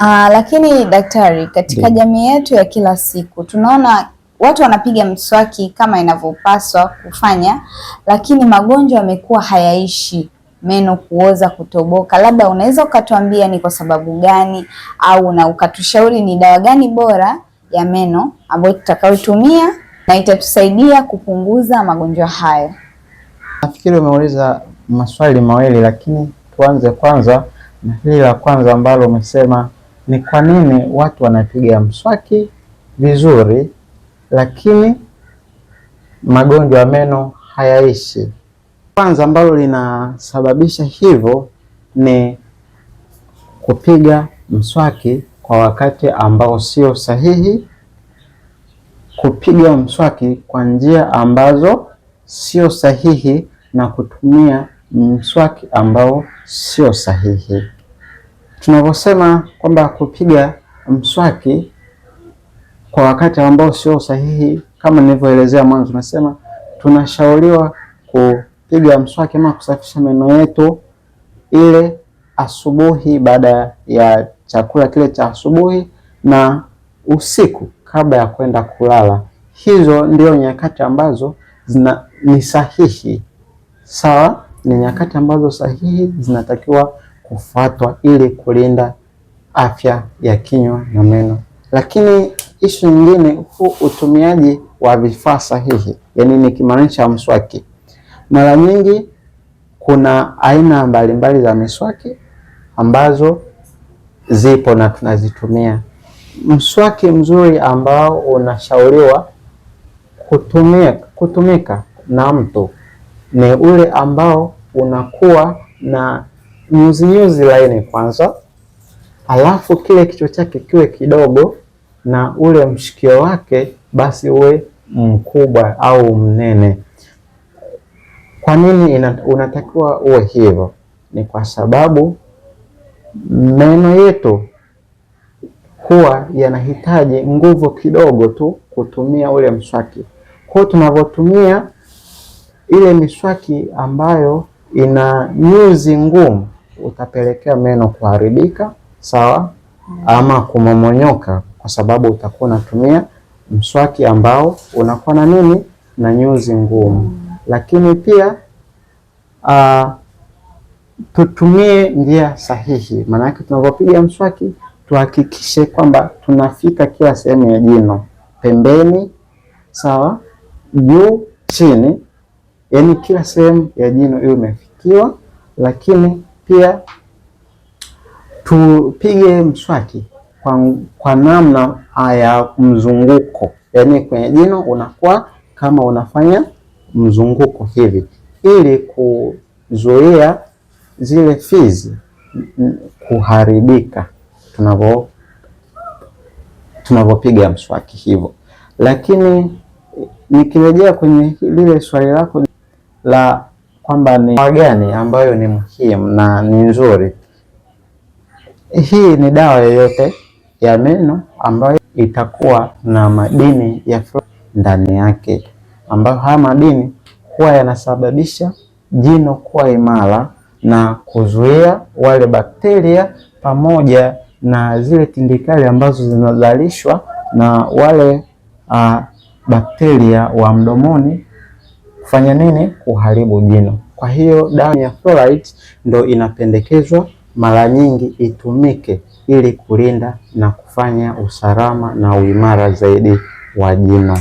Aa, ah, lakini daktari, katika jamii yetu ya kila siku tunaona watu wanapiga mswaki kama inavyopaswa kufanya, lakini magonjwa yamekuwa hayaishi, meno kuoza, kutoboka. Labda unaweza ukatuambia ni kwa sababu gani, au na ukatushauri ni dawa gani bora ya meno ambayo tutakayotumia na itatusaidia kupunguza magonjwa hayo? Nafikiri umeuliza maswali mawili, lakini tuanze kwanza na hili la kwanza ambalo umesema ni kwa nini watu wanapiga mswaki vizuri, lakini magonjwa ya meno hayaishi. Kwanza ambalo linasababisha hivyo ni kupiga mswaki kwa wakati ambao sio sahihi, kupiga mswaki kwa njia ambazo sio sahihi, na kutumia mswaki ambao sio sahihi tunavyosema kwamba kupiga mswaki kwa wakati ambao sio sahihi, kama nilivyoelezea mwanzo, tunasema tunashauriwa kupiga mswaki ama kusafisha meno yetu ile asubuhi baada ya chakula kile cha asubuhi na usiku kabla ya kwenda kulala. Hizo ndio nyakati ambazo zina, ni sahihi. Sawa, ni nyakati ambazo sahihi zinatakiwa kufuatwa ili kulinda afya ya kinywa na meno. Lakini ishu nyingine, huu utumiaji wa vifaa sahihi, ni nikimaanisha mswaki. Mara nyingi kuna aina mbalimbali za miswaki ambazo zipo na tunazitumia. Mswaki mzuri ambao unashauriwa kutumia, kutumika na mtu ni ule ambao unakuwa na nyuzi nyuzi laini kwanza, alafu kile kichwa chake kiwe kidogo na ule mshikio wake basi uwe mkubwa au mnene. Kwa nini unatakiwa uwe hivyo? Ni kwa sababu meno yetu huwa yanahitaji nguvu kidogo tu kutumia ule mswaki. Kwa tunavyotumia ile miswaki ambayo ina nyuzi ngumu utapelekea meno kuharibika, sawa, ama kumomonyoka, kwa sababu utakuwa unatumia mswaki ambao unakuwa na nini na nyuzi ngumu. Lakini pia uh, tutumie njia sahihi, maanake tunapopiga mswaki tuhakikishe kwamba tunafika kila sehemu ya jino, pembeni, sawa, juu, chini, yaani kila sehemu ya jino hiyo imefikiwa, lakini pia tupige mswaki kwa, kwa namna ya mzunguko, yaani kwenye jino unakuwa kama unafanya mzunguko hivi ili kuzuia zile fizi kuharibika tunavyo tunavyopiga mswaki hivyo. Lakini nikirejea kwenye lile swali lako la kwamba ni dawa gani ambayo ni muhimu na ni nzuri. Hii ni dawa yoyote ya meno ambayo itakuwa na madini ya fluoride ndani yake, ambayo haya madini huwa yanasababisha jino kuwa imara na kuzuia wale bakteria pamoja na zile tindikali ambazo zinazalishwa na wale uh, bakteria wa mdomoni kufanya nini? Kuharibu jino. Kwa hiyo damu ya fluoride ndo inapendekezwa mara nyingi itumike ili kulinda na kufanya usalama na uimara zaidi wa jino.